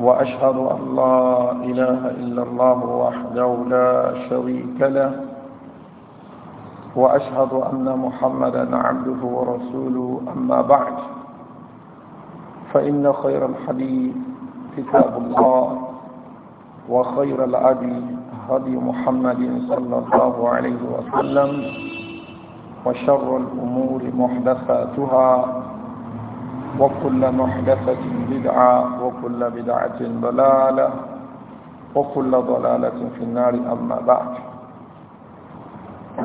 وأشهد أن لا إله إلا الله وحده لا شريك له وأشهد أن محمدا عبده ورسوله أما بعد فإن خير الحديث كتاب الله وخير الأدي هدي محمد صلى الله عليه وسلم وشر الأمور محدثاتها وكل محدثة بدعة وكل بدعة ضلالة وكل ضلالة في النار أما بعد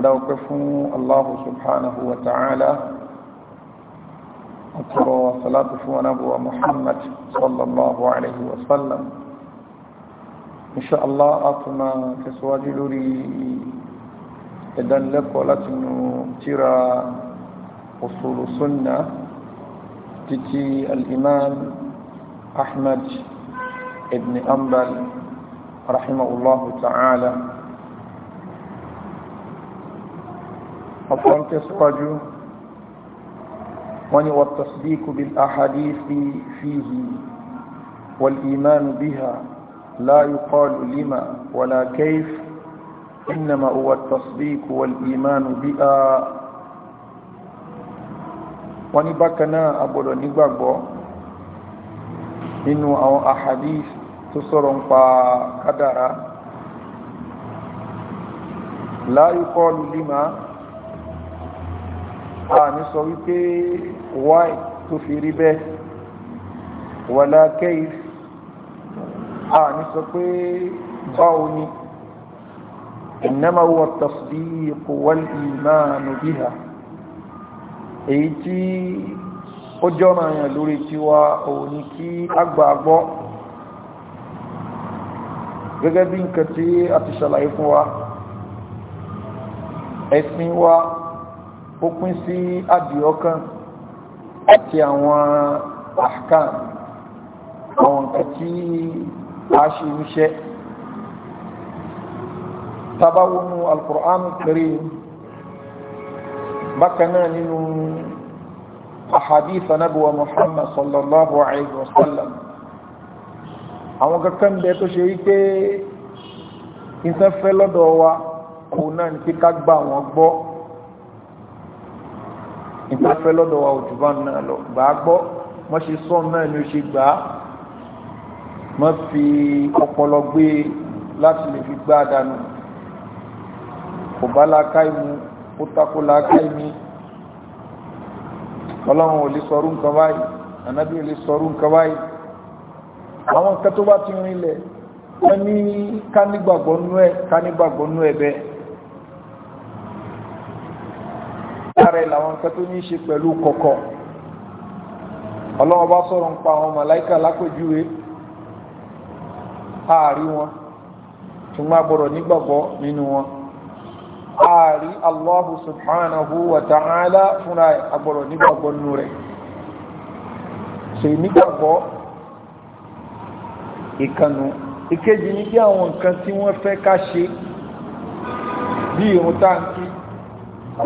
لو كفوا الله سبحانه وتعالى أكبر صلاة ونبوة محمد صلى الله عليه وسلم إن شاء الله أطمى كسواج لوري إذن لك ولتن ترى أصول السنة تتي الإمام أحمد ابن أنبل رحمه الله تعالى أفهم تسواجه وني والتصديق بالأحاديث فيه والإيمان بها لا يقال لما ولا كيف إنما هو التصديق والإيمان بها وني بكنا أبو نيبابو nínú àwọn ahadith tó sọ̀rọ̀ ń pa kádàrá láyé kọlù lima a ní sọ wípé why tó fi rí bẹ́ẹ̀ wàlá kayf a ní sọ pé báwo ni إنما هو التصديق والإيمان بها èyí tí ó jọ́nà àyàn lórí tiwa òun ni kí agbàgbọ́ gẹ́gẹ́ bí nǹkan tí a ti ṣàlàyé fún wa ẹ̀sìn wa ó pín sí àdìọ́kàn àti àwọn àkàn àwọn nǹkan tí a ṣe ń ṣe nínú ahadith anabuwa muhammad sallallahu alayhi wa sallam àwọn kankan bẹ tó ṣe wípé ìsan fẹ́ lọ́dọ̀ wa òun náà ní kíká gbà wọ́n gbọ́ ìsan fẹ́ lọ́dọ̀ wa òjùbá náà lọ gbà á gbọ́ wọ́n ṣe sọ ni ó ṣe gbà á fi ọpọlọ gbé e láti lè fi gbá dànù kò bá láká ìmú ó takò láká ìmú ọlọ́run ò lè sọrú nǹkan báyìí ànábì ò lè sọrú nǹkan báyìí àwọn nǹkan tó bá ti rin ilẹ̀ wọ́n ní ká nú ẹ̀ ká nú ẹ̀ bẹ́ẹ̀ lára ẹ̀ làwọn nǹkan tó ní í ṣe pẹ̀lú kọ̀kọ̀ ọlọ́run bá sọ̀rọ̀ ń pa àwọn màláìkà lápèjúwe ààrí wọn ṣùgbọ́n a gbọ́dọ̀ nígbàgbọ́ nínú wọn ààrí allahu subhanahu wa ta'ala fúnra agbọ̀rọ̀ nígbàgbọ́ nù rẹ̀ ṣe nígbàgbọ́ ìkànnù ìkejì ní bí àwọn nǹkan tí wọ́n fẹ́ ká ṣe bí irun táǹkì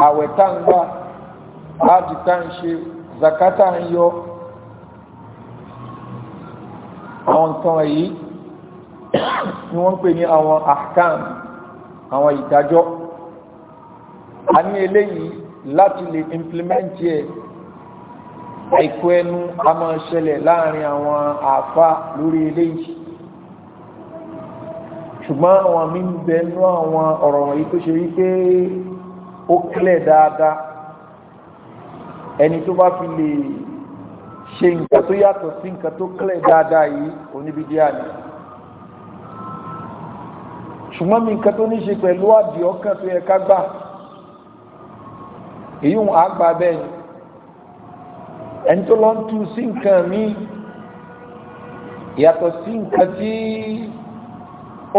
àwẹ̀ táǹgbà áàdì táǹṣe zakata ń yọ àwọn nǹkan wọ̀nyí ni wọ́n ń pè ní ahkam àwọn ìdájọ́ a ní eléyìí láti lè implement yẹ àìkú ẹnu a máa ṣẹlẹ̀ láàrin àwọn àfa lórí eléyìí ṣùgbọ́n àwọn mi ń bẹ nú àwọn ọ̀rọ̀ wọ̀nyí tó ṣe wípé ó clear dáadáa ẹni tó bá fi lè ṣe nǹkan tó yàtọ̀ sí nǹkan tó clear dáadáa yìí oníbídíà ni ṣùgbọ́n mi nǹkan tó ní ṣe pẹ̀lú àdìọ́kàn tó yẹ ká gbà èyí ń àgbà bẹ́ẹ̀ ni ẹni tó lọ ń tu sí nǹkan mi yàtọ̀ sí nǹkan tí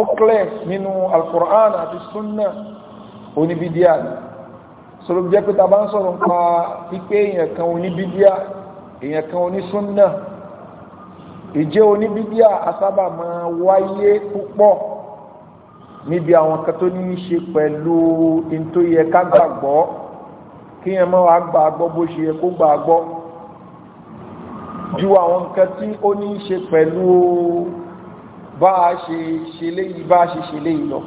ó clear nínú alukur'an àti sunna oníbídíà ni sọ̀rọ̀ jẹ́ pé tàbá ń sọ̀rọ̀ pa pípé èèyàn kan oníbídíà èèyàn kan onísúnnà ìjẹ́ oníbídíà asábà máa wáyé púpọ̀ níbi àwọn kan tó ní ṣe pẹ̀lú in tó kí ẹ máa gbà gbọ́ bó ṣe yẹ kó gbà gbọ́ ju àwọn nǹkan tí ó ní í ṣe pẹ̀lú bá a ṣe ṣe léyìí bá a ṣe ṣe léyìí lọ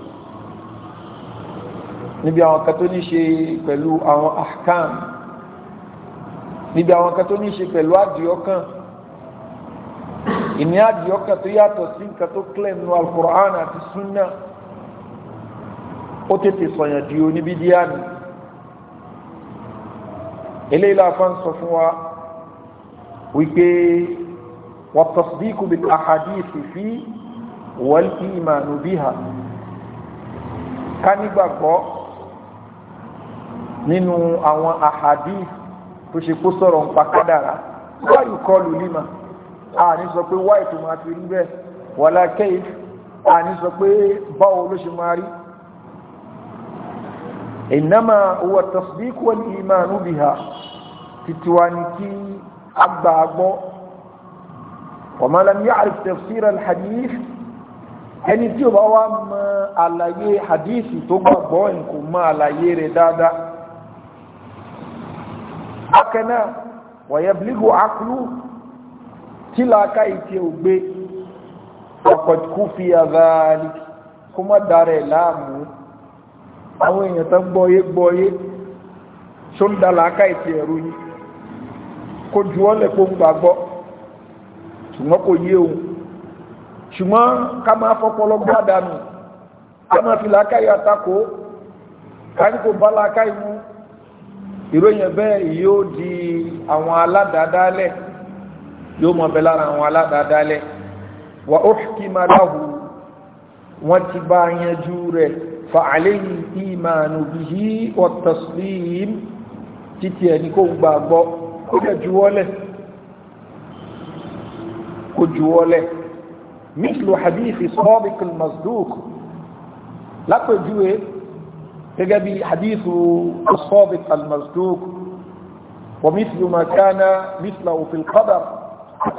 níbi àwọn nǹkan tó ní ṣe pẹ̀lú àwọn ahkam níbi àwọn nǹkan tó ní ṣe pẹ̀lú àdìọ́kàn ìní àdìọ́kàn tó yàtọ̀ sí nǹkan tó kílẹ̀ nínú alukur'an àti sunna ó tètè sọ̀yàn di oníbídíà nìyí eléyìí láfa ń sọ fún wa wípé wọ́n tasdiqu bil ahadisi fi wal imanu biha ká nígbàgbọ́ nínú àwọn ahadisi tó ṣe kó sọ̀rọ̀ ń pa kádàrá wáyù kọlù lima àní sọ pé wáyù tó máa fi rí bẹ́ẹ̀ wàlá kẹ́yì àní sọ pé báwo ló ṣe máa rí innama huwa tasdiq wal iman biha titwaniki agbagbo wa ma lam ya'rif tafsir al hadith ẹni tí ó bá wá mọ àlàyé hadithi tó gbàgbọ́ kò mọ àlàyé rẹ̀ dáadáa akẹ́nà wa yablighu aqlu tí làákà ìtì ògbé faqad kufiya dhalik kó má darẹ̀ àwọn èèyàn tó gbọ́yé gbọ́yé tó ń dalà aká ìtì ẹ̀rù yìí kò ju ọ́lẹ̀ kó ń gbàgbọ́ ṣùgbọ́n kò yé òun ṣùgbọ́n ká máa fọ́pọ́lọ́ gbádànù ká máa fi làákàyè àtakò ká ní kò bá làákàyè mú ìròyìn bẹ́ẹ̀ yóò di àwọn aládàádálẹ̀ yóò mọ̀ bẹ́ lára àwọn aládàádálẹ̀ wà ó kí máa dáhù wọ́n ti bá yanjú rẹ̀ فعليه الايمان به والتسليم تيتيانيكو يعني باغو كوجا جووله كوجووله مثل حديث صادق المصدوق لا كوجوي تجابي حديث الصادق المصدوق ومثل ما كان مثله في القدر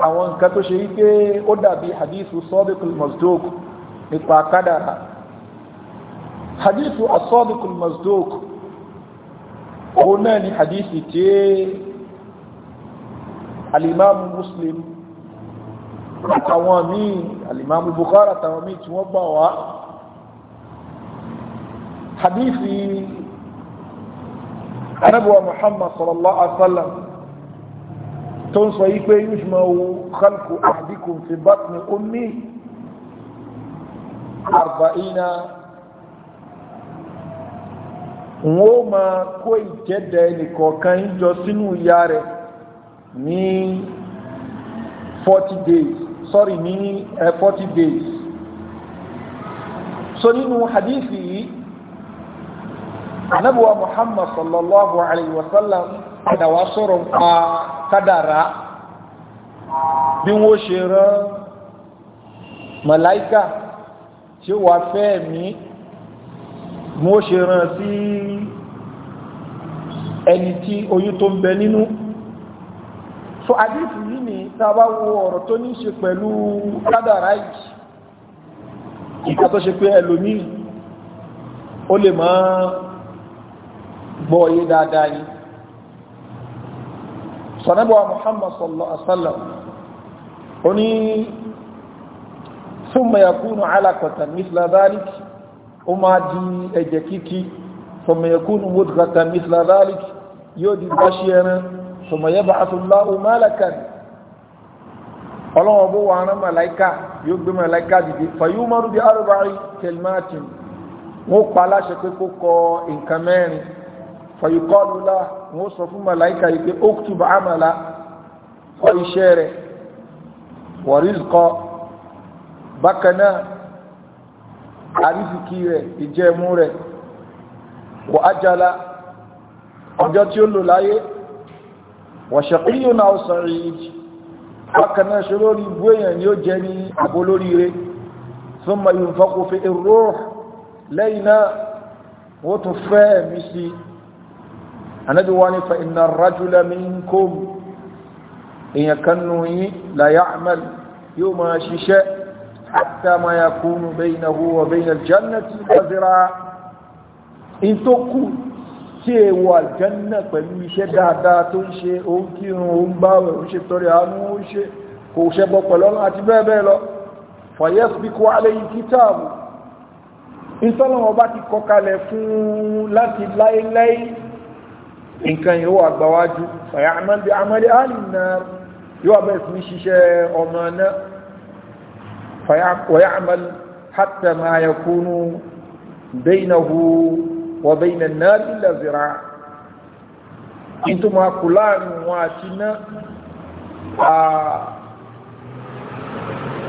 او كتو شيكه او دابي حديث صادق المصدوق hadithu asọ́dùkùn masdok òun náà ni hadithi tí alimamu muslim àtàwọn míì alimamu bukhari àtàwọn míì tí wọ́n gbà wá hadithi anabuwa muhammad sallallahu alaihi wasallam tó ń sọ yípe yúṣmọ̀ khalku ahdikum fi batni ummi arba'ina wọn ó máa kó ìjẹ́dẹ̀ ẹnìkọ̀ọ̀kan jọ sínú ìyá rẹ̀ ní forty days sorry ní eh, forty days so nínú hadithi yìí anabuwa muhammad sallallahu alayhi wa sallam padà wá sọ̀rọ̀ pa kádàrá bí wọ́n ṣe rán màláíkà tí ó wà fẹ́ mi wọ́n ṣe rán sí ẹni tí oyún tó ń bẹ nínú so àdífì yìí ni tàbá wo ọ̀rọ̀ tó ní ṣe pẹ̀lú kádàrá yìí ìkà tó ṣe pé ẹlòmíì ó lè máa gbọ́ ọyé dáadáa yìí sọ̀nẹ́bọ̀ Muhammad sallallahu alaihi wasallam ó ní ثم يكون علقة مثل ذلك ó máa di ẹ̀jẹ̀ kíkí ثم يكون مضغة مثل ذلك yóò di báṣí ẹran thumma yab'athu Allahu malakan ọlọ́wọ́ bó wà rán màláìka yóò gbé màláìka dìde fayumaru bi arba'i kalimatin wọ́n pa aláṣẹ pé kó kọ nǹkan mẹ́rin fayuqalu lahu wọ́n sọ fún màláìka yìí pé uktub amala kọ iṣẹ́ rẹ̀ wa bákan náà àrísìkí rẹ̀ ìjẹ́mú rẹ̀ wa ajala ọjọ́ tí ó lò láyé wọ̀ṣẹ̀kíyàn náà sọ̀rọ̀ ìjì bákanáà ṣe lórí ibú èèyàn ni ó jẹ́ ní àbó lóríire fún ma yìí fọ́kù fi ìró lẹ́yìn náà wó tún fẹ́ mi sí anábi wá ní fa iná rájúlá mi ń kó èèyàn kanú yí láyá àmàl yóò máa ṣiṣẹ́ hatta ma yakunu tí èwọ àjẹ́nà pẹ̀lú iṣẹ́ dáadáa tó ń ṣe òun kírun òun báwẹ̀ òun ṣe tọrẹ àánú ó ṣe kò ṣẹbọ pẹ̀lọ́nà àti bẹ́ẹ̀bẹ́ẹ̀ lọ fàyẹ́sìkò alẹ́yìn kítààbù ìtọ́lọ̀wọ̀ bá ti kọkalẹ̀ fún láti láíláí nǹkan yóò àgbàwájú fàyà àmàlẹ́ àmàlẹ́ àlìnà yóò bẹ̀rẹ̀ sí wa bayna an-nari illa zira' nítorí wọn kù láàrin wọn àti náà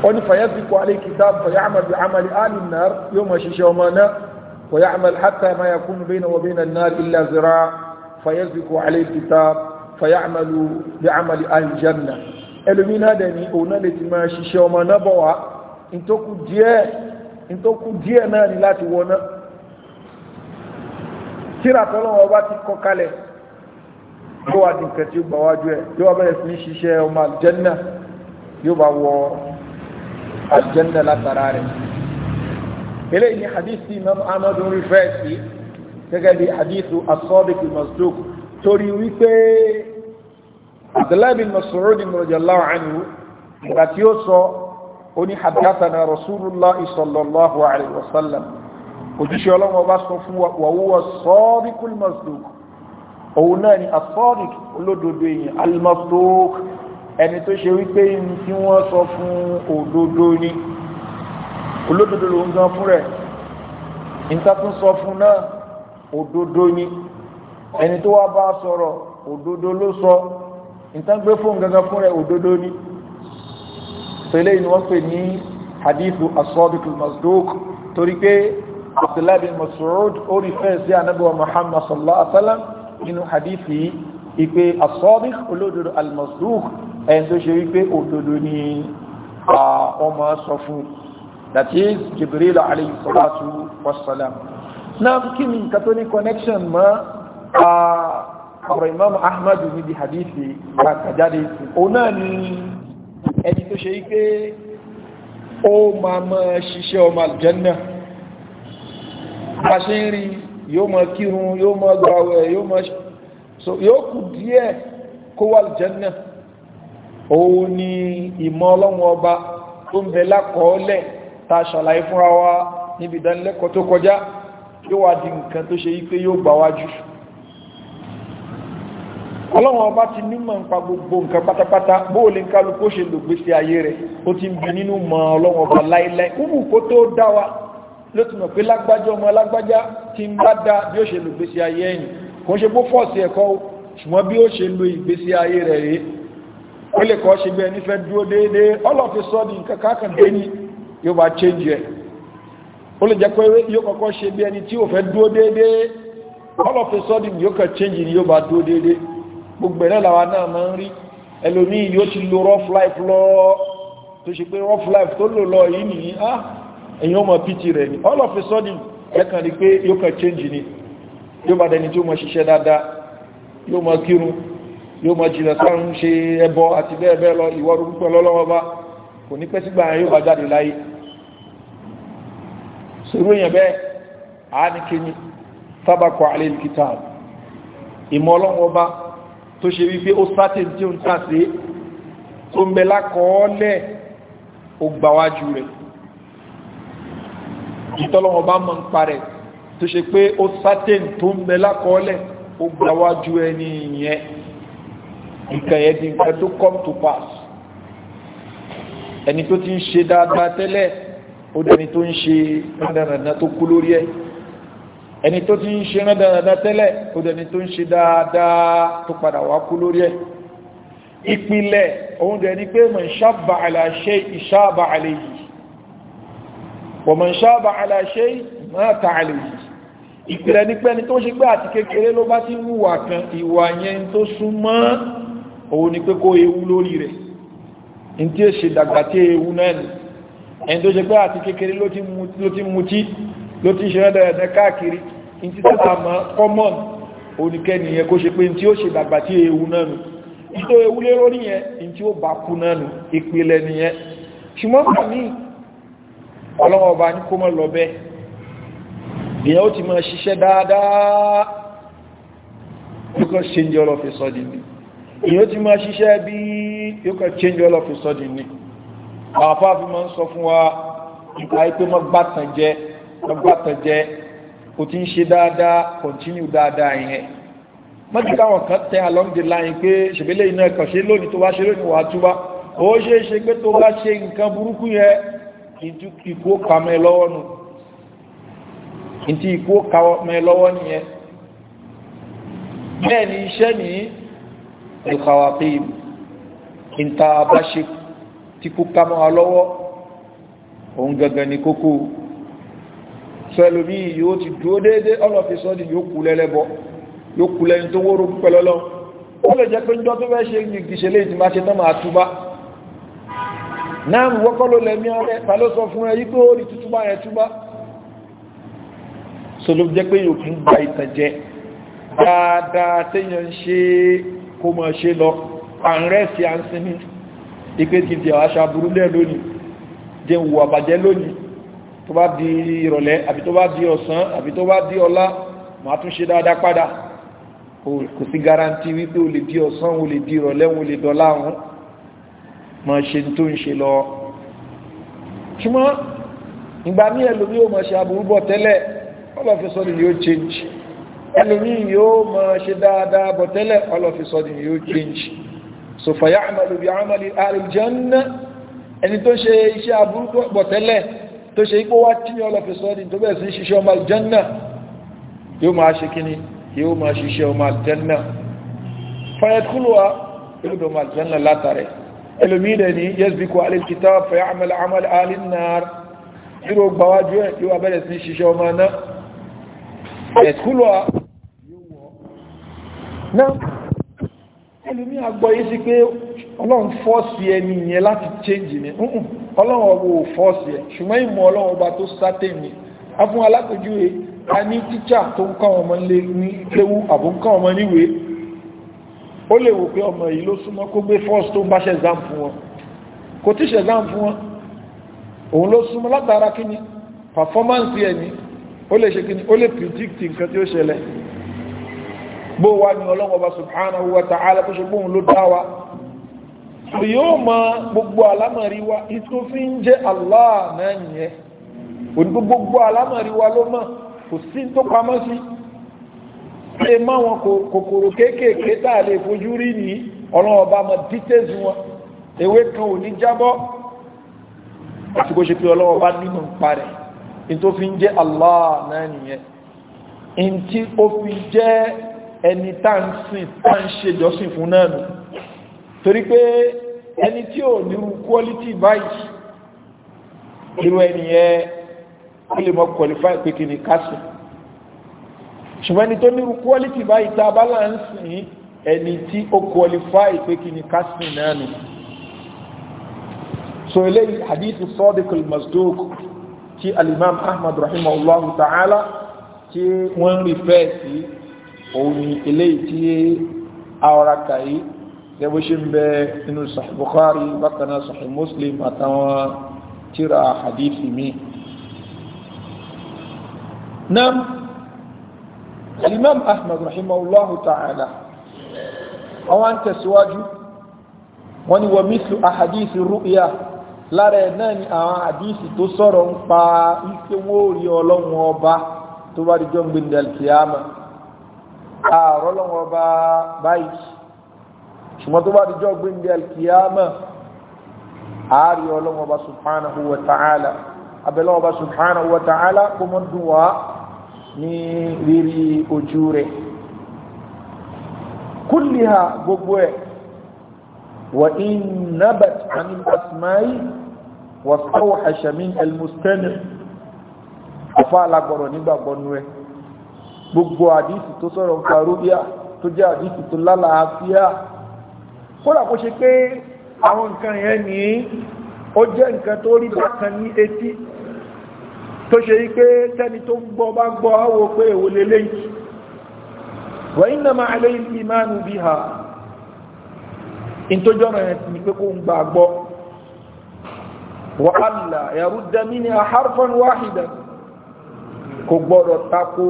wọ́n ni fayasbiqu alayhi kitab fay'amal bi'amali yóò mọ̀ ṣiṣẹ́ ọmọ náà ويعمل حتى ما يكون بينه وبين النار إلا ذراع فيسبق عليه الكتاب فيعمل بعمل أهل الجنة ẹlòmín náà ni òun náà lè ti máa ṣiṣẹ́ ọmọ náà bọ̀ wá náà tíra tọ́lọ́wọ́ bá ti kọ kalẹ̀ yóò wá di nǹkan tí ó gbà wájú ẹ̀ yóò wá bẹ̀rẹ̀ sí ní ṣiṣẹ́ ọmọ àlùjẹ́nà yóò bá wọ àlùjẹ́nà látara rẹ̀ eléyìí ni hadithi imam ahmad ń rí fẹ́ẹ̀ sí gẹ́gẹ́ bí hadithu asọ́dìkì masduk torí wípé abdullahi bin mas'ud anhu ìgbà tí ó sọ ó ní rasulullah sallallahu alayhi wa òjíṣẹ́ ọlọ́wọ́ bá sọ fún wàwúwọ́ sọ́ọ́díkùl masduk òun náà ni asọ́ọ̀dìk olódodo èyàn almasduk ẹni tó ṣe wípé ní tí wọ́n sọ fún òdodo ni olódodo ló ń gan fún rẹ̀ ìtàkùn sọ fún náà òdodo ni ẹni tó wá bá sọ̀rọ̀ òdodo ló sọ ìtàgbé fún gangan fún rẹ̀ òdodo ni pẹ̀lẹ́ ni wọ́n pè ní hadithu asọ́ọ̀dìkùl masduk torí pé abdullahi bin mas'ud ó rí fẹ́ sí anábíwa muhammad sallallahu alaihi wa sallam nínú hadithi ìpè as-sadiq olódodo al-masduq ẹni tó ṣe wípé òdodo ni ọmọ sọ fún that is jibril alayhi salatu wa salam náà kí ni nǹkan tó ní connection mọ́ ọ̀rọ̀ imam ahmad níbi hadithi kàjáde ìsìn òun náà ni ẹni tó ṣe wípé ó máa máa ṣiṣẹ́ ọmọ aljanna bá ṣe ń rí yóò mọ kírun yóò mọ gbàwẹ̀ yóò mọ so yóò kù díẹ̀ kó wà lìjẹ́nà òun ni ìmọ̀ ọlọ́run ọba tó ń bẹ lákọọ́lẹ̀ ta ṣàlàyé fúnra wa níbi ìdánilẹ́kọ̀ọ́ tó kọjá yóò wá di nǹkan tó ṣe wípé yóò gbà wájú ọlọ́run ọba ti nímọ̀ nípa gbogbo nǹkan pátápátá bóò lè kálukú ṣe lògbésí ayé rẹ̀ ó ti ń bẹ nínú mọ̀ ọlọ́run ọba láíláí kúmù kó tó dá ló ti mọ̀ pé lágbájá ọmọ lágbájá ti ń bá dá bí ó ṣe lo ìgbésí ayé ẹ̀yìn kò ń ṣe bó fọ́ọ̀sì ẹ̀kọ́ ṣùgbọ́n bí ó ṣe lo ìgbésí ayé rẹ̀ rèé ó lè kọ́ ṣe bí ẹni dúró déédéé ọlọ́ọ̀fẹ́ sọ́ọ̀dì ní yóò change ẹ̀ ó lè jẹ́ pé yóò kọ́kọ́ change ní tó ṣe pé rough life tó lò lọ yìí nìyí ah èyàn mọ̀ pìtì rẹ̀ ni all of a sudden ẹkàn rí pé yóò kàn change ni yóò bá dẹni tí ó mọ̀ ṣiṣẹ́ dáadáa yóò mọ̀ kírun yóò mọ̀ jìnà sáàrùn ṣe ẹbọ àti bẹ́ẹ̀ bẹ́ẹ̀ lọ ìwọ rúgbọ́n lọ́lọ́wọ́ bá kò ní pẹ́ sígbà yóò bá jáde láyé sòrò èèyàn bẹ́ẹ̀ àánikẹ́ni tábàkọ alẹ́ ìkìtà ìmọ̀ ọlọ́wọ́ bá tó ṣe wípé ó sátẹ̀ tí ó ń tàṣe tó ń bẹ lákọọ́lẹ̀ ó gbàwájú rẹ̀ ìtọ́lọ́wọ́ bá mọ̀ ń parẹ̀ tó ṣe pé ó sátẹ̀n tó ń bẹ lákọọ́lẹ̀ ó gbáwájú ẹni yẹn nǹkan yẹn di nǹkan tó come to pass ẹni tó ti ń ṣe dáadáa tẹ́lẹ̀ ó dẹni tó ń ṣe rádàràdà tó kú lórí ẹ ẹni tó ti ń ṣe rádàràdà tẹ́lẹ̀ ó dẹni tó ń ṣe dáadáa tó padà wá kú lórí ẹ ìpìlẹ̀ òun dẹni pé mọ̀ ń ṣàbà àlàṣe yìí wọ̀mọ̀ ṣáàbà aláṣẹ́ máa ta àlè yìí ìpìlẹ̀ ní pẹ́ni tó ṣe pé àti kékeré ló bá ti wùwà kan ìwà yẹn tó súnmọ́ òun ni pé kó ewu lórí rẹ̀ ní tí ó ṣe dàgbà tí ewu náà ni ẹni tó ṣe pé àti kékeré ló ti mutí ló ti ṣe rẹ́dẹ̀rẹ̀dẹ̀ káàkiri ní tí tẹ́ta mọ́ common oníkẹ́ni yẹn kó ṣe pé tí ó ṣe dàgbà tí ewu náà nù ìtò ewu lé ọlọ́wọ́ ọba ní kó mọ́ lọ bẹ́ ìyẹn ó ti mọ́ ṣiṣẹ́ dáadáa change all of a sudden ni ìyẹn ó ti mọ́ ṣiṣẹ́ bí yóò change all of a sudden ni àwọn afáàfi máa ń sọ fún wa nípa pé mọ́ gbàtàn jẹ́ mọ́ gbàtàn jẹ́ kò ti ń ṣe dáadáa continue dáadáa yẹn mọ́jú káwọn kan tẹ́ along the line pé ṣèbílẹ̀ iná ẹ̀kọ́ ṣe lónìí tó bá ṣe lónìí wà á túbá ó ṣeé ṣe pé tó bá ṣe nǹkan burúkú yẹn ntí ikú ka mẹ́ lọ́wọ́ nù ntí ikú ka mẹ́ lọ́wọ́ nìyẹn bẹ́ẹ̀ ni iṣẹ́ ní ìkàwàpé ìta abáṣe tí kú ká mọ́ lọ́wọ́ òun gangan ní kókó sẹ́lòmí yóò ti dúó déédé ọlọ́fisọ́ ni yóò kú lẹ́lẹ́bọ yóò kú lẹ́ni tó wóró pẹ̀lọ́lọ́ ó lè jẹ́ pé ń jọ tó fẹ́ ṣe ní ìgbìṣẹ́lẹ̀ ìtìmáṣẹ́ tán máa túbá náà mú wọ́kọ́ ló lẹ́mí ọ̀rẹ́ ta ló sọ fún ẹ yí pé ó rí tútúbá yẹn túbá so ló jẹ́ pé yòókù ń gba ìtànjẹ dáadáa téèyàn ń ṣe kó mọ̀ ṣe lọ àǹrẹ́sì à ń sinmi ìpé ti fi àṣà burú lẹ́ lónìí jẹ́ wù àbàjẹ́ lónìí tó bá di ìrọ̀lẹ́ àbí tó bá di ọ̀sán àbí tó bá di ọ̀la màá tún ṣe dáadáa padà kò sí garanti wípé o lè di ọ̀sán o lè di ìrọ̀lẹ́ o lè dọ̀la ọ̀hún máa ṣe tó ń ṣe lọ ṣùgbọ́n ìgbà ní ẹlòmí yóò máa ṣe aburú bọ̀ tẹ́lẹ̀ ọlọ́fisọ́dì yóò change ẹlòmí yóò máa ṣe dáadáa bọ̀ tẹ́lẹ̀ ọlọ́fisọ́dì yóò change so fàyà àmàlù bí àmàlì àrìjánná ẹni tó ṣe iṣẹ́ aburú bọ̀ tẹ́lẹ̀ tó ṣe ipò wá tí ọlọ́fisọ́dì tó bẹ̀rẹ̀ ẹlòmídẹ̀ ní yẹ́sbíkò alìkítà fẹ́ àmàlà àmàlà alìnàr yíò gbáwájú ẹ̀ yíò abẹ́rẹ̀ sí ṣiṣẹ́ ọmọ náà ẹ̀kúlọ̀ náà ẹlòmí àgbọ̀ yìí sí pé ọlọ́run fọ́ọ̀sì ẹni yẹn láti change ni ọlọ́run ọgbọ̀ fọ́ọ̀sì ẹ̀ ṣùgbọ́n ìmọ̀ ọlọ́run ọba tó sátẹ̀ mi a fún alákòjú a ní tíṣà ó lè wò pé ọmọ yìí ló súnmọ́ kó gbé first tó ń bá ṣẹ̀zám fún wọn kò tí ṣẹ̀zám fún wọn òun ló súnmọ́ látara kí ni performance ẹ̀ ni ó lè ṣe kí ni ó lè predict nǹkan tí ó ṣẹlẹ̀ bó wá ní ọlọ́wọ́ wa ta'ala tó ṣe bóun ló dá wa yóò mọ gbogbo alámọ̀rí wa Allah náà yẹn òní gbogbo alámọ̀rí wa ló kò sí tó pamọ́ sí ṣe mọ́ wọn kòkòrò kéékèèké tá a lè fojú rí ní ọ̀ràn ọba mọ̀ details wọn ewé kan ò ní jábọ́ àti bó ṣe pé ọlọ́wọ́ bá nínú ń parẹ̀ in tó fi ń jẹ́ Allah náà nìyẹn in tí ó fi jẹ́ ẹni táǹsìn táǹṣe jọ́sìn fún náà nù torí pé ẹni tí ò nírú quality vice, irú ẹni yẹn ó lè mọ́ qualify pé kí ni kásìn ṣùgbọ́n ẹni tó nírú quality báyìí tá a bá là ń sìn ẹni tí ó qualify pé kí ni ká sìn náà nù so eléyìí hadith sadiq al-masduq tí alimam ahmad rahimahullahu ta'ala tí wọ́n rí fẹ́ sí òun ni tí awara kàyí gẹ́gbẹ́ ṣe ń bẹ inú sahih bukhari bákan muslim àtàwọn tíra hadith mi. Imam Ahmad rahimahullahu ta'ala àwọn ń tẹ̀síwájú wọ́n ní wa mithlu ahadithi ru'ya lára ẹ̀ náà ni àwọn àdíìsì tó sọ̀rọ̀ ń pa ife wọ́n rí ọlọ́run ọba tó bá di jọ́ǹgbé ní alkiyama ààrọ̀ ọlọ́run ọba báyìí ṣùgbọ́n tó bá di jọ́ǹgbé ní alkiyama ààrí ọlọ́run ọba subhanahu wa ta'ala abẹ́lẹ́ ọba subhanahu wa ta'ala kó mọ́ dùn wá ní rírí ojú rẹ̀ kúlìhà gbogbo ẹ̀ wà in nabat an asmai wà sọ́wọ́ hashamin elmustani afọ́ alagbọ̀rọ̀ nígbàgbọ́nú ẹ̀ gbogbo àdísì tó sọ̀rọ̀ farúbíà tó jẹ́ àdísì tó lálàáfíà kódà kó ṣe pé àwọn nǹkan yẹn ní ó jẹ́ nǹkan tó rí bákan ní etí tó ṣe yí pé tẹ́ni tó gbọ́ bá gbọ́ áwò pé èwo bí lélẹ́yìí wà iná máa aléyìn sí ìmánu bí ha in tó jọ́nà ẹ̀ sí ni pé kó ń gbà gbọ́ wà álà ẹ̀rú dẹ́mí ni àhárfán wáhìdà kò gbọ́dọ̀ tako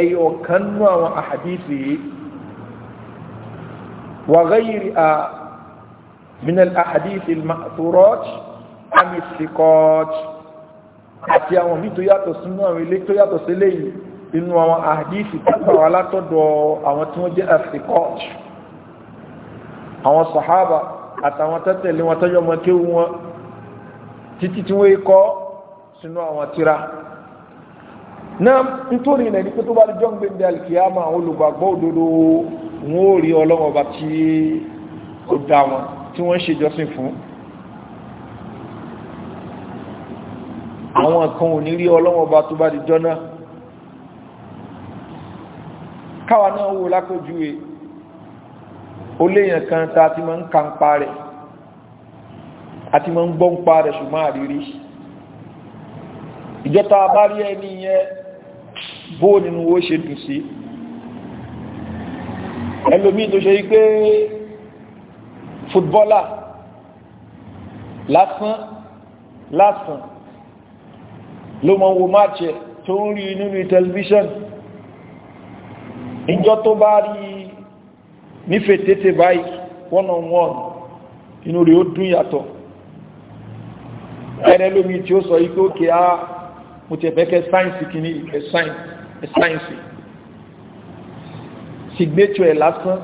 ẹyọ kan nú àwọn àhàdísì wà gáyìrì à من الأحاديث المأثورات عن الثقات àti àwọn bí tó yàtọ̀ sínú àwọn ilé tó yàtọ̀ sí léyìí inú àwọn àdífì púpọ̀ wà látọ̀dọ̀ àwọn tí wọ́n jẹ́ afrikọ́t àwọn sàhábà àtàwọn tẹ́tẹ̀lé wọn tọ́jọ́ mọ́ kéwú wọn títí tí wọ́n kọ́ sínú àwọn tírà náà nítorí ìnà ìdíkú tó bá rí john gbendé alkiyama àwọn olùgbàgbọ́ òdodo wọn ò rí ọlọ́wọ́ bá tí ó dá wọn tí wọ́n ń ṣèjọsìn fún àwọn kan ò ní rí ọlọ́wọ́n bá tó bá di jọ́nà káwa náà wò lákòjúwe ó léèyàn kan tá a ti máa ń ka ń pa rẹ̀ a ti máa ń gbọ́ ń pa rẹ̀ ṣùgbọ́n àrírí ìjọta bá rí ẹni yẹn bó nínú owó ṣe dùn sí ẹlòmíì tó ṣe yí pé fútbọ́là lásán lásán ló mọ̀ wo máàtì ẹ̀ tó ń rí nínú tẹlifíṣàn ìjọ tó bá rí nífẹ̀ẹ́ tètè báyìí one on one inú rẹ̀ ó dún yàtọ̀ ẹ̀rẹ́ lómi tí ó sọ ikú òkè á mo ti ẹ̀ signature ẹ̀ lásán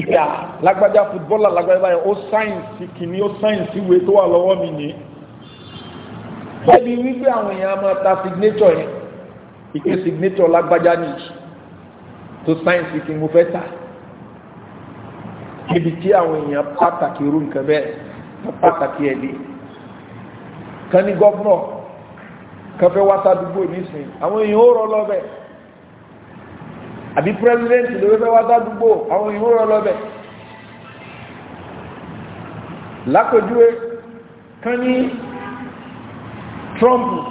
ìgbà lágbájá fútbọ́là lágbájá báyìí ó sáyẹ̀nsì kìíní ó sáyẹ̀nsì ìwé tó wà lọ́wọ́ mi nìyí débi wípé àwọn èèyàn máa ta signature yẹn ìpè signature lágbájá nìyí tó sáyẹ̀nsì kí mo fẹ́ ta níbi tí àwọn èèyàn pàtàkì irú nǹkan bẹ́ẹ̀ pàtàkì ẹ̀ lé kan ní gọ́fúnọ̀ kan fẹ́ wá sádùúgbò nísìnyí àwọn èèyàn ó rọ lọ́bẹ̀ àbí pírẹsidẹ́ǹtì ló fẹ́ wá sádùúgbò àwọn èèyàn ó rọ lọ́bẹ̀ lápèjúwe kan ní Trump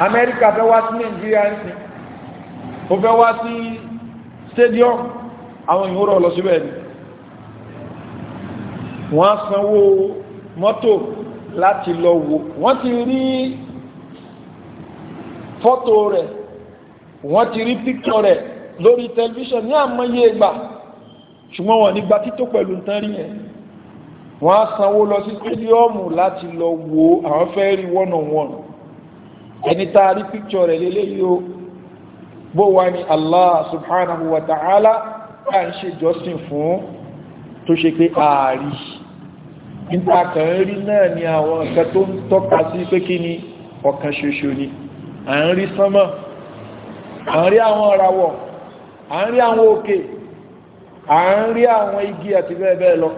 America fẹ́ wá sí Nàìjíríà ń sìn ó fẹ́ wá sí stadium àwọn ìhòrò lọ síbẹ̀ ni wọ́n sanwó mọ́tò láti lọ wò wọ́n ti rí fọ́tò rẹ̀ wọ́n ti rí píkọ̀ rẹ̀ lórí tẹlifíṣàn ní àmọ́yé ìgbà ṣùgbọ́n wọ́n nígbà tító pẹ̀lú nǹkan yẹn wọ́n á sanwó lọ sí stadiumu láti lọ wo àwọn fẹ́ rí one on one ẹni tá a rí píkṣọ rẹ̀ lélẹ́yìí o bó wá ní Allah subhanahu wa ta'ala bá ń ṣe jọ́sìn fún tó ṣe pé ààrí nípa kan rí náà ni àwọn nǹkan tó ń tọ́ka sí pé kí ni ọ̀kan ṣoṣo ni à ń rí sánmọ̀ à ń rí àwọn ọ̀ràwọ̀ à ń rí àwọn òkè à ń rí àwọn igi àti bẹ́ẹ̀ bẹ́ẹ̀ lọ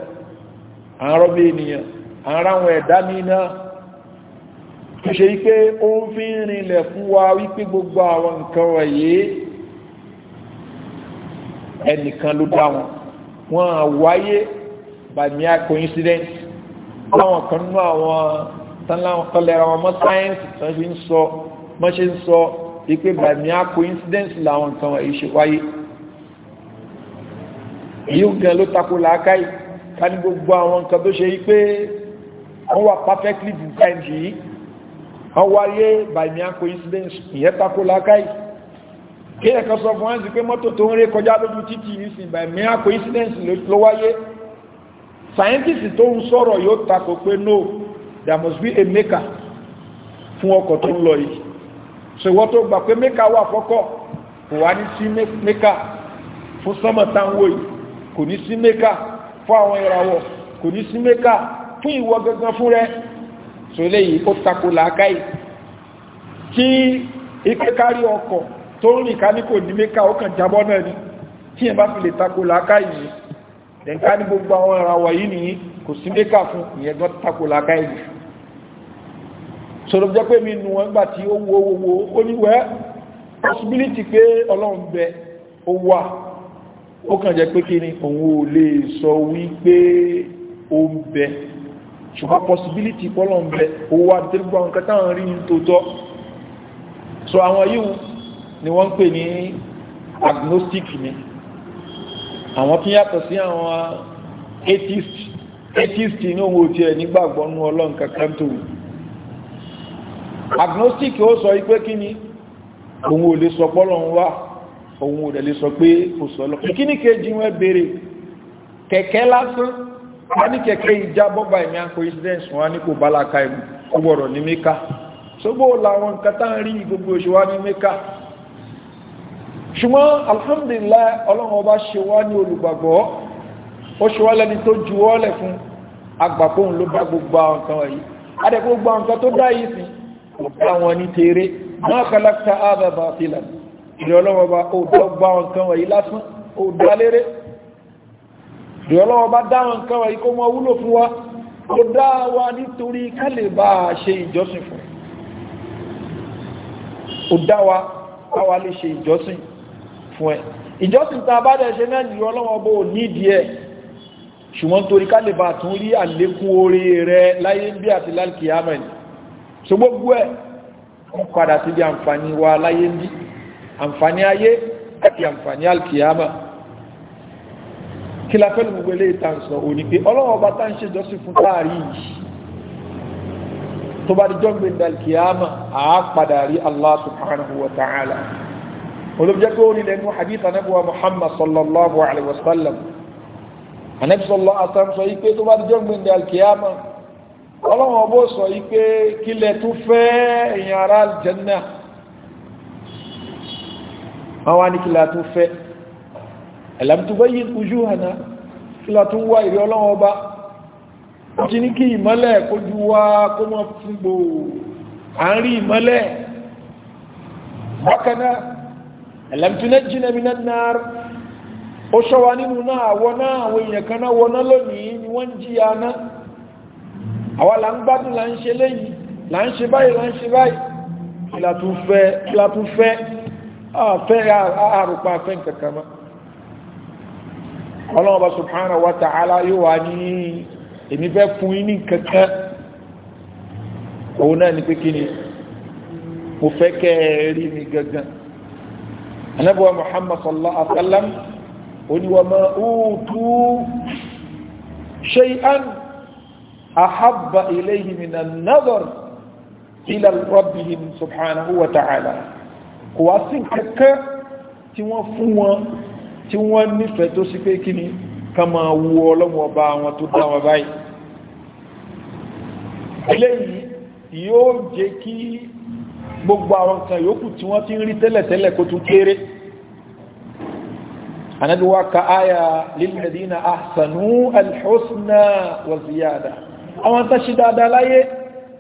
àárọ̀ bí ènìyàn ara àwọn ẹ̀dá níná tó ṣe wípé ó ń fi rinlẹ̀ fún wa wípé gbogbo àwọn nǹkan wọ̀nyí ẹnìkan ló dá wọn wọn àwáyé by mere coincidence láwọn kan nínú àwọn tọ́lẹ̀ra wọn mọ́ sáyẹ́nsì tó ṣe ń sọ mọ́ ṣe ń sọ wípé by coincidence làwọn nǹkan wọ̀nyí ṣe wáyé yíò gan ló takò làákàyè ká ní gbogbo àwọn nǹkan tó ṣe yí pé wọ́n wà perfectly designed yìí wọ́n wáyé by mere coincidence ìyẹn tako lákàí kí ẹ̀kan sọ fún ẹ́nsì pé mọ́tò tó ń ré kọjá lójú títì nísìn by mere coincidence ló wáyé scientist tó ń sọ̀rọ̀ yóò tako pé no there must be a maker fún ọkọ̀ tó ń lọ yìí ṣùgbọ́n tó gbà pé maker wà fọ́kọ̀ kò wá ní sí maker fún sọ́mọ̀tà ń wò yìí kò ní sí maker fún àwọn ìràwọ̀ kò ní sí mẹ́kà fún ìwọ gangan fún rẹ so léyìí ó tako làákàyè kí ìkékárí ọkọ̀ tó ń rìn ká ní kò ní mẹ́kà ó kàn jábọ́ náà ni tí ẹ bá fi lè tako làákàyè yìí dẹ̀ǹká ní gbogbo àwọn ìràwọ̀ yìí nìyí kò sí mẹ́kà fún ìyẹn tako làákàyè yìí sọ̀rọ̀ jẹ́ pé mi nù wọn gbà tí ó wo owó oníwẹ́ possibility pé ọlọ́run bẹ ó wà ó kàn jẹ́ pé kí ni òun ò lè sọ wípé ó ń bẹ ṣùgbọ́n possibility pọ́lọ̀ ń bẹ ó wá dẹ́gbà nǹkan táwọn rí ní tòótọ́ so àwọn yíò ni wọ́n ń pè ní agnostic ni àwọn fi yàtọ̀ sí àwọn atheist atheist ní òun ò tiẹ̀ nígbàgbọ́ nú ọlọ́run kankan tó agnostic ó sọ wípé kí ni òun ò lè sọ pọ́lọ̀ ń wá òun ò dẹ̀lé sọ pé kò sọ lọ ìkíní kejì wọn béèrè kẹ̀kẹ́ lásán wọn ní kẹ̀kẹ́ ìjábọ́gbà ìmí coincidence wọn ní kò bálaka ìmú ó gbọ́dọ̀ ní mẹ́ka sógbó làwọn nǹkan ń rí gbogbo òṣè wá ní mẹ́ka ṣùgbọ́n alhamdulillah ọlọ́run ọba ṣe wá ní olùgbàgbọ́ ó ṣe wá lẹ́ni tó ju ọ́lẹ̀ fún agbàkóhùn ló bá gbogbo àwọn nǹkan wọ̀nyí adẹ́gbogbo àwọn nǹkan ìrọ̀lọ́wọ́ bá ó dọ́gba nǹkan wọ̀nyí lásán ó dáléré ìrọ̀lọ́wọ́ bá dáwọn nǹkan wọ̀nyí kó mọ wúlò fún wa ó dá wa nítorí ká lè bá a ṣe ìjọsìn fún ó dá wa káwa lè ṣe ìjọsìn fún ẹ ìjọsìn tá a bá dẹ̀ ṣe náà ìrọ̀lọ́wọ́ bó nídìí ẹ̀ ṣùgbọ́n torí ká tún rí àlékún orí rẹ láyé bí àti lálkìyàmẹ̀ so ẹ̀ ń padà sí bí àǹfààní wa láyé bí àǹfààní ayé àti àǹfààní alkiyama kí la fẹ́ lè gbogbo eléyìí tàn sọ òní pé ọlọ́wọ́ ọba tá ń ṣe jọ́sìn fún káàrí yìí tó bá di jọ́gbìn alkiyama a padà rí Allah subhanahu wa ta'ala olùbíjẹ́ pé ó nílẹ̀ nínú hadith anabuwa Muhammad sallallahu alaihi wasallam sọ yìí pé tó bá fẹ́ èèyàn ará aljanna àwọn anìkìlá tó fẹ́ ẹ̀làmtúbọ́ yìí ojú hànà kílá tó wá ìrí ọlọ́wọ́ bá ó ti ní kí ìmọ́lẹ̀ kójú wá kó mọ́ fún gbò àárín ìmọ́lẹ̀ bákaná ẹ̀làmtúnẹ́ jínẹ̀mínà náà ó ṣọ́wà nínú náà àwọn náà àwọn èèyàn kan náà wọná àfẹ́ ah, àrùpa àfẹ́ kankan mọ́ ọlọ́ọ̀bá subhanahu wa ta'ala yóò wá ní èmi fẹ́ fún yín ní kankan òun náà ni pé kí ni mo fẹ́ kẹ́ ẹ rí mi gangan anabuwa muhammad sallallahu alaihi wa sallam òòtú shay'an ahabba ilayhi min an-nadhar ila rabbihim subhanahu wa ta'ala kò wá sí kẹ́kẹ́ tí wọ́n fún wọn tí wọ́n nífẹ̀ẹ́ tó sí pé kí ni ká máa wu ọlọ́wọ́ bá wọn tó dá wọn báyìí eléyìí yóò jẹ́ kí gbogbo àwọn nǹkan yòókù tí wọ́n ti ń rí tẹ́lẹ̀tẹ́lẹ̀ kó tún kéré anabi wa ka aya lilladina ahsanu alhusna wa ziyada àwọn tá láyé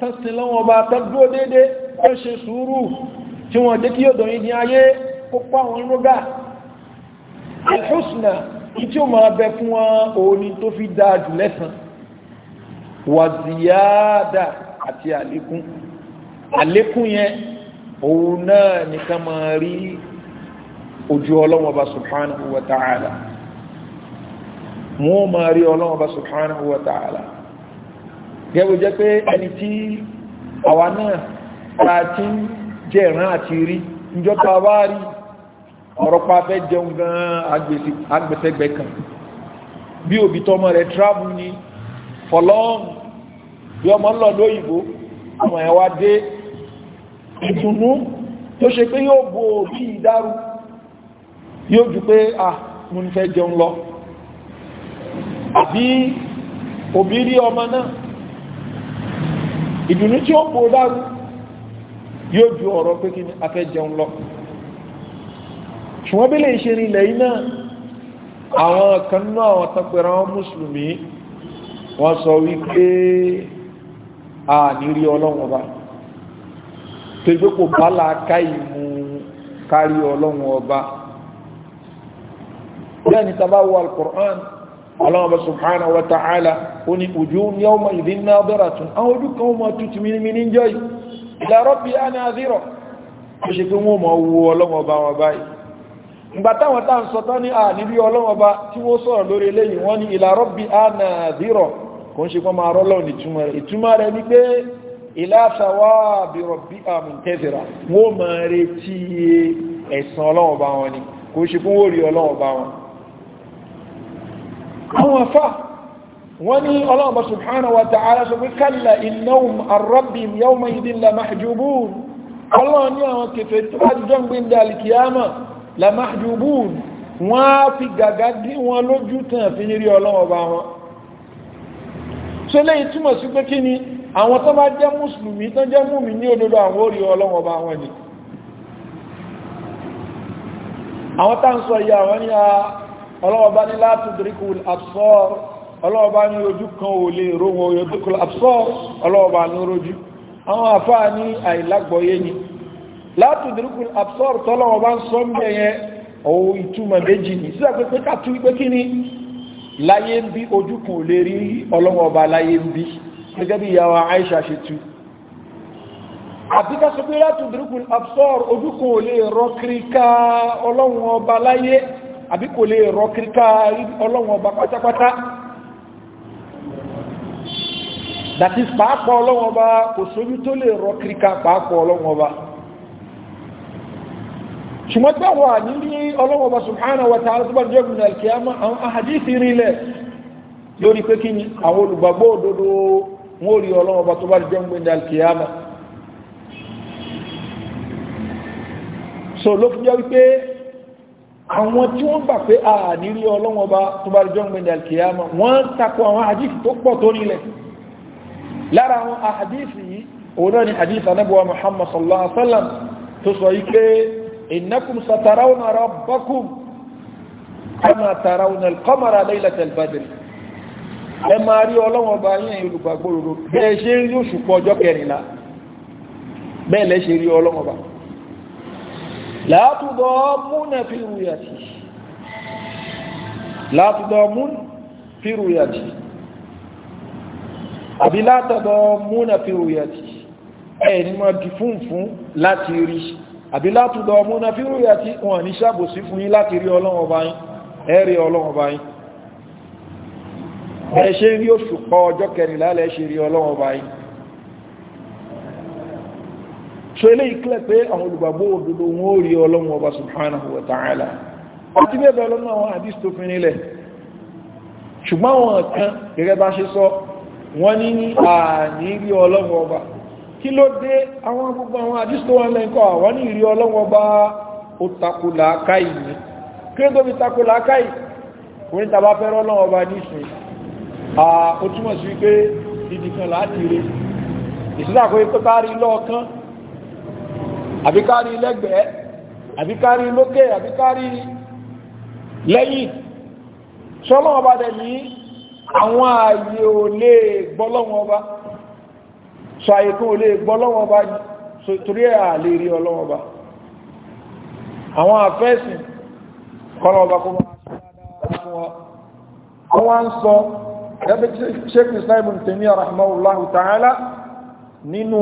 tá bá tá dúró déédéé tá ṣe sùúrù tí wọ́n jẹ́ kí ọ̀dọ̀ yìí ní ayé kópa àwọn rọ́gà ẹ̀hùsùnà tí ó máa bẹ fún wọn òní tó fi ojú ọlọ́wọ́ bá subhanahu wa ta'ala wọ́n máa rí ọlọ́wọ́ bá subhanahu wa ta'ala gẹ́gbẹ́ jẹ́ pé ẹni tí àwa náà ta jẹ́ ìran àti rí ìjọta wá rí ọ̀rọ̀ pa fẹ́ jẹun gan agbẹ̀sẹ̀gbẹ̀ kan bí òbí tọmọ rẹ̀ travel ni for bí ọmọ lọ lóyìnbó àwọn ẹ̀wà dé ìtùnú tó ṣe pé yóò bo òbí ìdárú yóò jù pé ah mo ń fẹ́ jẹun lọ àbí òbí rí ọmọ náà ìdùnnú tí ó bo dárú yóò ju ọ̀rọ̀ pé kí ni a fẹ́ jẹun lọ ṣùgbọ́n bí lè ṣe rí ilẹ̀ yìí náà àwọn kan náà àwọn tapẹ̀rẹ̀ àwọn mùsùlùmí wọ́n sọ wípé a ní rí ọlọ́run ọba tó gbé kò bá ìmú kárí ọlọ́run ọba bẹ́ẹ̀ ni tàbá wọ al-Qur'an ọlọ́run ọba subhanahu wa ta'ala ó ní ojú ní ọmọ ìdí náà bẹ̀rẹ̀ tún àwọn ojú kan ó máa mímí ní yìí ila rabbi anazira ó ṣe pé wọ́n mọ̀ wo ọlọ́wọ́ bá wọn báyìí ìgbà táwọn tá ń sọ tán ní à níbi ọlọ́wọ́ bá tí wọ́n sọ̀rọ̀ lórí eléyìí wọ́n ní ila rabbi anazira kò ń ṣe pọ́n máa rọ́lọ́ ní ìtumọ̀ rẹ̀ kò ń ṣe fún wórí ọlọ́wọ́ àwọn afá wọ́n ní ọlọ́ọ̀bọ̀ subhanahu wa ta'ala sọ pé kalla innahum arrabim yawma idin la mahjubun ọlọ́ọ̀ ní àwọn kẹfẹ́ tó bá jọ ń gbé ní alìkìyàmà la mahjubun wọ́n á fi gàgá dí wọn lójú tàn fi rí ọlọ́ọ̀bá wọn so lẹ́yìn sí pé kí ni àwọn tó bá jẹ́ mùsùlùmí tó jẹ́ mùmí ní òdodo àwọn orí ọlọ́ọ̀bá wọn ni àwọn tá ń sọ ìyá wọn ni ọlọ́ọ̀bá ní ah, látùdíríkù àbsọ́rọ̀ ọlọ́ọ̀bá ní ojú kan ò lè ró wọn yóò dúkọ́ àpsọ́ ọlọ́ọ̀bá ní rojú àwọn àfáà ní àìlágbọ̀yé ni látùdúrúkù àpsọ́ tọ́lọ́ọ̀bá ń sọ mẹ́ yẹn ọ̀wọ̀ ìtumọ̀ méjì ní sí àpẹẹpẹ́ kàtú pé kí ni láyé ń bí ojú kan ò lè rí ọlọ́ọ̀bá láyé ń bí gẹ́gẹ́ bí ìyàwó Aisha ṣe tu àbíká sọ pé látùdúrúkù àpsọ́ ojú kan ò lè rọ kiri ká ọlọ́ọ̀bá láyé dàtí pàápọ̀ ọlọ́wọ́n bá kò sóbi tó lè rọ kíríkà pàápọ̀ ọlọ́wọ́n bá ṣùgbọ́n tí àwọn àní ní ọlọ́wọ́n bá subhanahu wa ta'ala tó bá jẹ́ gbìnà alkiyama àwọn ni àwọn olùgbàgbọ́ òdodo wọn ò rí ọlọ́wọ́n bá tó so ló fi jẹ́ wípé àwọn tí wọ́n gbà pé àní rí ọlọ́wọ́n bá tó bá jẹ́ gbìnà alkiyama wọ́n takò àwọn àdífì tó pọ̀ tó nílẹ̀ lára àwọn àhàdíìsì yìí òun náà ni àdíìsì anábọ̀wà muhammad sallallahu alaihi wasallam tó sọ yìí pé innakum satarawna rabbakum kama tarawna al-qamara laylatal badri ẹ máa rí ọlọ́wọ́n bá yẹn olùgbàgbòrò bẹ́ẹ̀ ṣe rí òṣùpọ̀ ọjọ́ kẹrìnlá bẹ́ẹ̀ lẹ́ ṣe rí ọlọ́wọ́n bá látúndọ̀ múnà fi àbí látọ̀dọ̀ múnà fi rúyàtì ẹ̀ ní máa di fún fún láti rí àbí látọ̀dọ̀ múnà fi rúyàtì wọn ní ṣàbòsí fún yín láti rí ọlọ́wọ́ báyìí ẹ̀ rí ọlọ́wọ́ báyìí ẹ̀ ṣe rí oṣù kọ ọjọ́ ọba subhanahu wa ta'ala àti bẹ́ẹ̀ bẹ́ẹ̀ lọ́nà àwọn àdìs tó fi nílẹ̀ ṣùgbọ́n àwọn kan gẹ́gẹ́ bá ṣe sọ wọ́n ní ní àní rí ọlọ́run ọba kí ló dé àwọn gbogbo àwọn àdíṣtò wọn lẹ́ńkọ́ àwọn ní ìrí ọlọ́run ọba ó takò làákàyè ní kí ló tóbi takò làákàyè wọ́n ní tàbá fẹ́rẹ́ ọlọ́run ọba nísìn ó túmọ̀ sí wípé ibi kan láti rí ìsìláàkó ikú kárí àwọn ààyè ò lè gbọ́lọ́wọ́n bá so ààyè kan ò lè gbọ́lọ́wọ́n bá torí ẹ̀ à lè rí ọlọ́wọ́n bá àwọn àfẹ́sìn kọ́lọ́wọ́n bá kó máa fún sọ ẹgbẹ́ sheikh islam tèmíyà rahimahullahu ta'ala nínú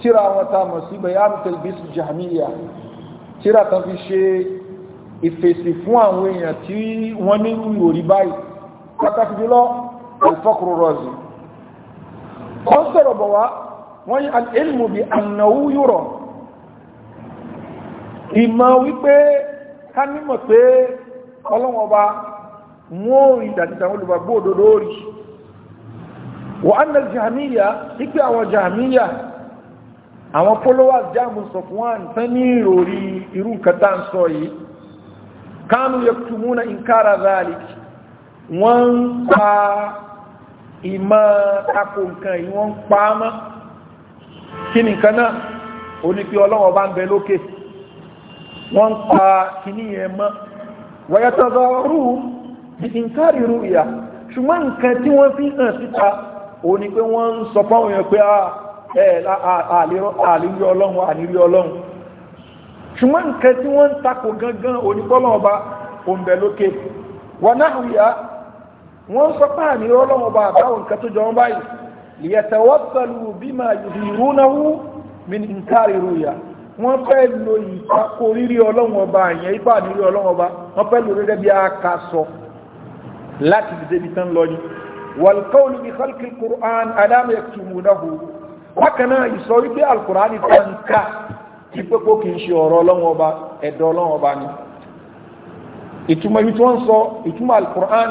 tíra àwọn tá a mọ̀ sí bayan talbis jahmiya tíra tán fi ṣe ìfèsì fún àwọn pàtàkì jùlọ alfakuru rọzi wọ́n sọ̀rọ̀ bọ̀ wá wọ́n yí al'ilmu bí annáwú yúrọ̀ ìmọ̀ wípé ká nímọ̀ pé ọlọ́wọ́ba wọ́n rí dàdìdà wọn lùbà gbóòdó lórí wọ́n annà jahamiya ipé kánú yẹ kùtùmúnà ìǹkára wọ́n ń pa ìmọ̀ tako nǹkan yìí wọ́n ń pa á mọ́ kí nìkan náà ó ní pé ọlọ́wọ́ bá ń bẹ lókè wọ́n ń pa kìíní yẹn mọ́ wọ́yàtọ̀dọ̀ rú nǹkan rírú ìyá ṣùgbọ́n nǹkan tí wọ́n fi hàn síta ó ní pé wọ́n ń sọ fáwọn èèyàn pé àlèrí ọlọ́run àlèrí ọlọ́run ṣùgbọ́n nǹkan tí wọ́n ń tako gangan onípọ́lọ́ọ̀ba òǹbẹ̀ lókè wọ́n náà wíyá wọ́n sọ pé àmì ọlọ́run ọba àbáwọn nǹkan tó jọ wọn báyìí lìyẹ̀tẹ̀wọ́sọ̀lù bímọ ìrúnáwó mi nǹkan ìròyà wọ́n fẹ́ lo ìtakò rírí ọlọ́run ọba àyẹ̀ ipá àmì rí ọlọ́run ọba wọ́n fẹ́ lo rẹ́rẹ́ bí aka sọ láti dìde ibi tán lọ ni wàlùkọ́ọ̀lù bí kọ́lùkì kùrán adáàmù ẹ̀kùnmù náà bákan náà ìsọ wípé alukùrán ní tàǹkà tí pépó kì í ṣe ọ̀rọ̀ ọlọ́run ọba ẹ̀dọ̀ ọlọ́run ọba ni ìtumọ̀ ibi tí wọ́n sọ ìtumọ̀ alukùrán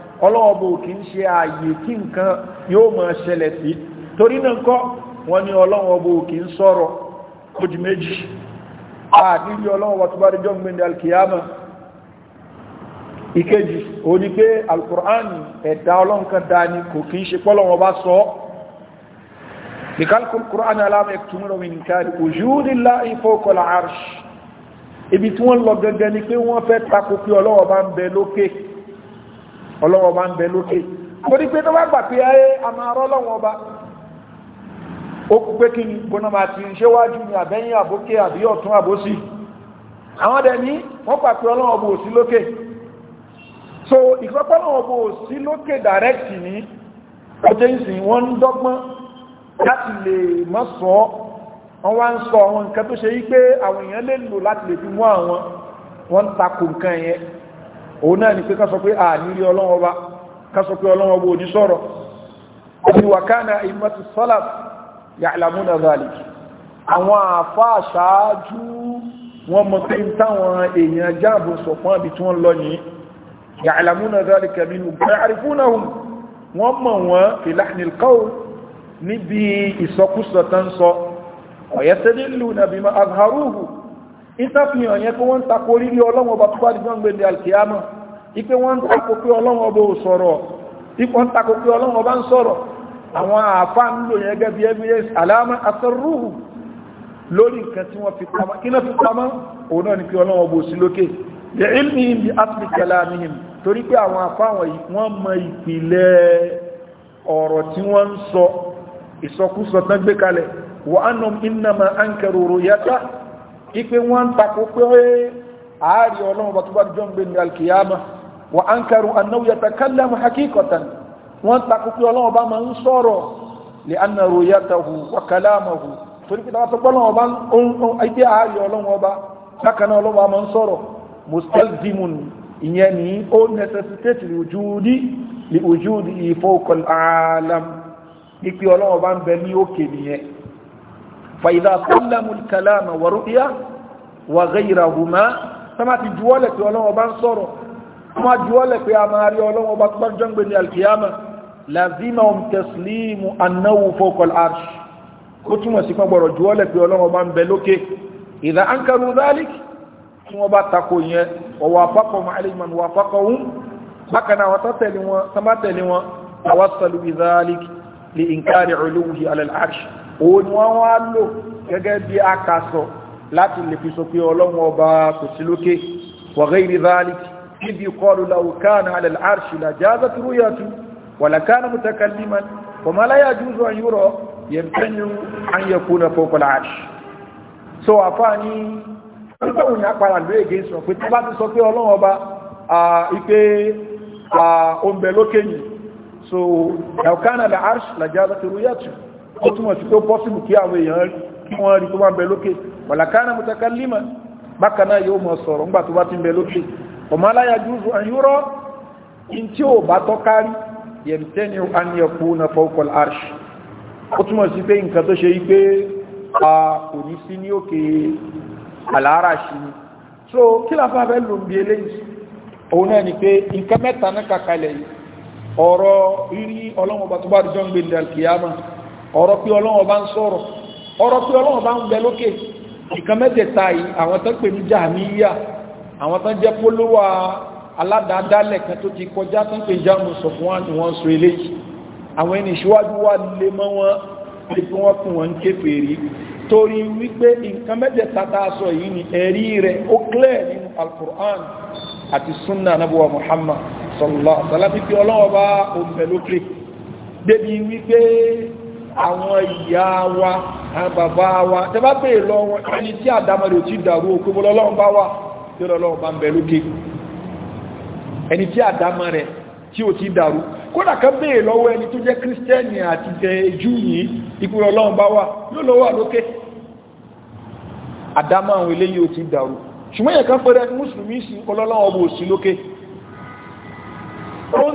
ọlọ́ọ̀bọ̀ kì ń ṣe ààyè kí nǹkan yóò máa ṣẹlẹ̀ sí torí náà kọ́ wọ́n ní ọlọ́ọ̀bọ̀ kì ń sọ̀rọ̀ ojú méjì àdílé ọlọ́ọ̀bọ̀ tó bá rí jọ́ gbẹ̀ndẹ̀ alkiyama ìkejì ó ní pé alkùrán ẹ̀dá ọlọ́nkan dání kò kí ń ṣe pọ́lọ́wọ́ bá sọ ìkálkùn kùrán ọlọ́wọ́ bá ń bẹ lókè torí pé tó bá gbà pé ayé àmàrọ́ ọlọ́wọ́ bá ó kú pé kí ni gbóná máa ti ṣe wájú ní àbẹ́yìn àbókè àbí ọ̀tún àbósì àwọn dẹ̀ ní wọ́n gbà pé ọlọ́wọ́ bò sí lókè so ìfọ́pọ́ ọlọ́wọ́ bò sí lókè direct ní ọjọ́ ìsìn wọ́n ń dọ́gbọ́n láti lè mọ́ sọ wọ́n wá ń sọ àwọn nǹkan tó ṣe yí pé àwọn èèyàn lè lò láti lè fi mú àwọn wọ́n ń takò nǹkan yẹn òun náà ni pé ká sọ pé a nílé ọlọ́wọ́ bá ká sọ pé ọlọ́wọ́ bó ní sọ̀rọ̀ ni wà kánà ìmọ̀tí salaf ya'lamuna zalik àwọn àfá àṣáájú wọn mọ̀ pé táwọn èèyàn jáàbò sọ̀pọ̀n àbí tí wọ́n lọ yìí ya'lamuna zalik minhu ya'rifunahum ìsàfihàn yẹn pé wọ́n ń takò orílẹ̀ ọlọ́wọ́ ọba tó bá dìjọ́ ń gbé wọ́n ń takò pé ọba ò sọ̀rọ̀ ipò ń takò pé ọlọ́wọ́ ọba ń sọ̀rọ̀ àwọn ń lò yẹn gẹ́bí evidence alama asarruhu lórí nǹkan tí wọ́n fi pamọ́ kí náà fi pamọ́ òun náà ni pé ọba ò sí lókè yẹ ilmi torí pé àwọn sọ ìsọkúsọ tán gbé wa ipe wọ́n ń takò pé ààrí ọlọ́run bá tó bá jọ ń gbé ní alkiyama wa ankaru annahu yatakallamu haqiqatan wọ́n takò pé ọlọ́run bá máa ń sọ̀rọ̀ li anna ru'yatahu wa kalamahu torí pé tàbátọ́ pọ́lọ́run ọba ipe ààrí ọlọ́run ọba bákanáà ọlọ́run bá máa ń sọ̀rọ̀ mustalzimun ìyẹn ní ó necessitate li wujudi li wujudi fawqa alam ipe ọlọ́run ọba ń bẹ ní òkè nìyẹn فإذا سلموا الكلام ورؤيا وغيرهما سما تجوالة في الله وبان صورو ما جوالة في أماري الله وبطبر جنب القيامة لازمهم تسليم أنه فوق العرش كتما سيكون برو جوالة في الله وبان بلوكي إذا أنكروا ذلك ثم باتقوا ووافقهم عليه من وافقهم بكنا وتتلوا سما تلوا توصلوا بذلك لإنكار علوه على العرش òun ni wọ́n wá lò gẹ́gẹ́ bí akasọ láti lè fi sọ pé ọlọ́run ọba kò sí lókè wa ghayri dhalika níbi qalu law kana ala al-arshi la jazat ru'yatu wa la kana la yajuzu an yura ó túmọ̀ sí pé ó pọ́sibù kí àwọn èèyàn kí wọ́n rí tó bá ń bẹ lókè wàlàkánà mutakalima bákan náà yóò mọ̀ sọ̀rọ̀ ńgbà tó bá ti ń bẹ lókè ọmọ aláyàjúzù àyúrọ́ in tí ó bá tọ́kárí yẹ̀mtẹ́ni àníyàkú na fọ́kọl arṣì ó túnmọ̀ sí pé nǹkan tó ṣe yí pé a kò ní sí ní òkè aláràṣì ni so kí láfá fẹ́ lò ń bí eléyìí òun náà ni pé nǹkan mẹ́ta náà kàkalẹ̀ yìí ọ̀rọ̀ rírí ọlọ́mọba tó bá dìjọ́ ń gbé ní alkiyama ọ̀rọ̀ pé ọlọ́wọ́ bá ń sọ̀rọ̀ ọ̀rọ̀ pé ọlọ́wọ́ bá ń bẹ lókè nǹkan mẹ́tẹ̀ẹ̀ta yìí àwọn tán pè ní jàmíyà àwọn tán jẹ́ polówó aládàádálẹ̀ kan tó ti kọjá tán pè jáàmù sọ fún wọn ni wọ́n sọ eléyìí àwọn ẹni ìṣíwájú wà lè mọ́ wọn pé kí wọ́n fún wọn ń kéfèé rí torí wípé nǹkan mẹ́tẹ̀ẹ̀ta tá a sọ yìí ni ẹ̀rí rẹ̀ ó clear nínú alukur'an àti sunna anabuwa muhammad sallallahu alaihi wa sallam fi ọlọ́wọ́ bá òun bẹ̀ lókè débi wípé àwọn ìyá wa àwọn bàbá wa tẹ́bá pè lọ wọn ẹni tí àdámọ́lẹ̀ ò ti dàrú òkú bọ́lọ́lọ́run bá wà tí ọlọ́run bá ń bẹ lókè ẹni tí àdámọ́ rẹ̀ tí ò ti dàrú kódà kan bèèrè lọ́wọ́ ẹni tó jẹ́ kírísítẹ́nì àti jẹ́jú yìí ìpínlẹ̀ ọlọ́run bá wà yóò lọ́wọ́ lókè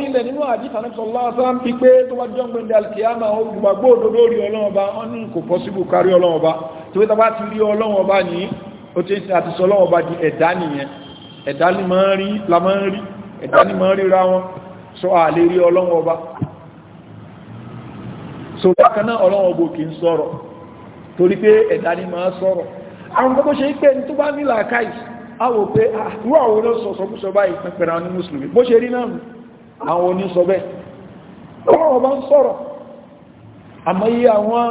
nílẹ̀ nínú àdífà náà sọ́lá sáàm ti pé tó wájú ọgbẹ̀ndì alkiyama olùgbàgbọ́ òdòdó rí ọlọ́ọ̀bá wọ́n ní kò pọ́síbù kárí ọlọ́ọ̀bá tó wé tàbá ti rí ọlọ́ọ̀bá ní ó ti ṣe àti sọlọ́ọ̀bá di ẹ̀dá nìyẹn ẹ̀dá ni máa ń rí la máa ń rí ẹ̀dá ni máa ń ríra wọn sọ àlè rí ọlọ́ọ̀bá so bákan náà ọlọ́ọ̀bá kì í sọ̀rọ̀ torí pé ẹ̀dá ni máa sọ̀rọ̀ àwọn tó ṣe pé ní tó bá nílà káì á wò pé ah, àwọn òun náà sọ̀sọ̀kúsọ báyìí pẹ̀pẹ̀rẹ̀ àwọn ní mùsùlùmí bó ṣe rí náà àwọn onísọ bẹ́ẹ̀ ọ̀rọ̀ bá ń sọ̀rọ̀ àmọ́yí àwọn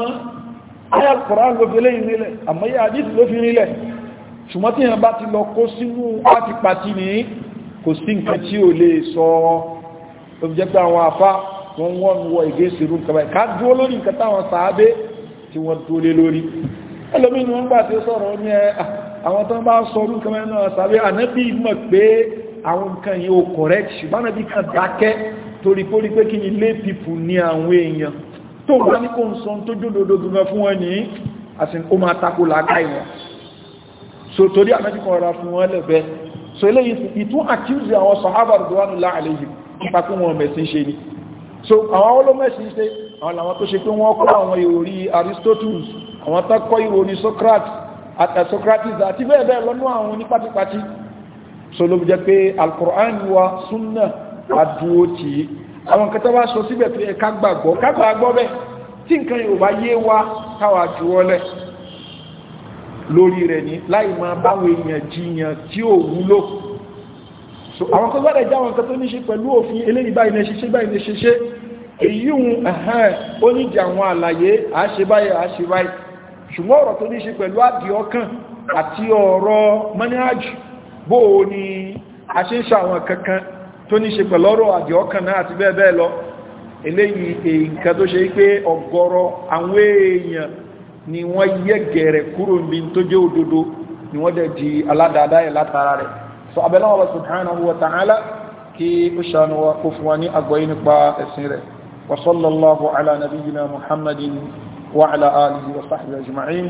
ayàkùnrà ló fi léyìn nílẹ̀ àmọ́yí àdìsì ló fi nílẹ̀ ṣùgbọ́n tí yẹn bá ti lọ kó sínú pátipàti ní kò sí nǹkan tí ò lè sọ ó jẹ́ pé àwọn àfá wọ́n wọ́n wọ ìgbésìrú nǹkan àwọn nǹkan yìí ó correct ṣùgbọ́n náà bí kan dákẹ́ torí pórí pé kí ni lé pípù ní àwọn èèyàn tó wá ní kó ń sọ tó jódodo gan fún wọn ní àti ó máa tako làákà ìwọ̀n so torí àmẹ́jì kan rọra fún wọn lẹ́bẹ̀ẹ́ so eléyìí ìtún accuse àwọn sahaba rọ̀dọ̀wánù láàlẹ́yìn nípa pé wọn so àwọn olómẹ̀sìn ṣe àwọn làwọn tó ṣe pé wọ́n kọ́ àwọn ìròrí Aristoteles àwọn tó kọ́ ìròrí Socrates àti bẹ́ẹ̀ bẹ́ẹ̀ lọ́nà àwọn so ló jẹ́ pé alukur'an wa sunna adúró tì í àwọn kẹta bá sọ síbẹ̀ pé ká gbàgbọ́ ká gbàgbọ́ bẹ́ẹ̀ tí nǹkan yóò bá yé wa káwa juwọ́lẹ̀ lórí rẹ̀ ní láì máa báwọn èèyàn jiyàn tí ò wúlò so àwọn kan gbọ́dọ̀ já àwọn kan tó ní ṣe pẹ̀lú òfin eléyìí báyìí ní ṣiṣẹ́ báyìí ní ṣiṣẹ́ èyí ń ó ní jẹ àwọn àlàyé àṣe báyìí ṣùgbọ́n ọ̀rọ̀ tó ní ṣe pẹ̀lú àdìọ́kàn àti ọ̀rọ̀ mọ́níhàjù bó o ní a ṣe ń ṣàwọn kankan tó ní ṣe pẹ̀lọ́rọ̀ àdìọ́kàn náà àti bẹ́ẹ̀ bẹ́ẹ̀ lọ eléyìí nǹkan tó ṣe pé ọ̀gọ̀rọ̀ àwọn èèyàn ni wọ́n yẹ gẹ̀rẹ̀ kúrò níbi tó jẹ́ òdodo ni wọ́n dẹ̀ di aládàáda ẹ̀ látara rẹ̀ so abẹ́láwọ̀ bá subhanahu wa ta'ala kí ó ṣàánú wa kó fún wa ní àgbọ́yé nípa ẹ̀sìn rẹ̀ wa sallallahu ala nabiyyina muhammadin wa ala alihi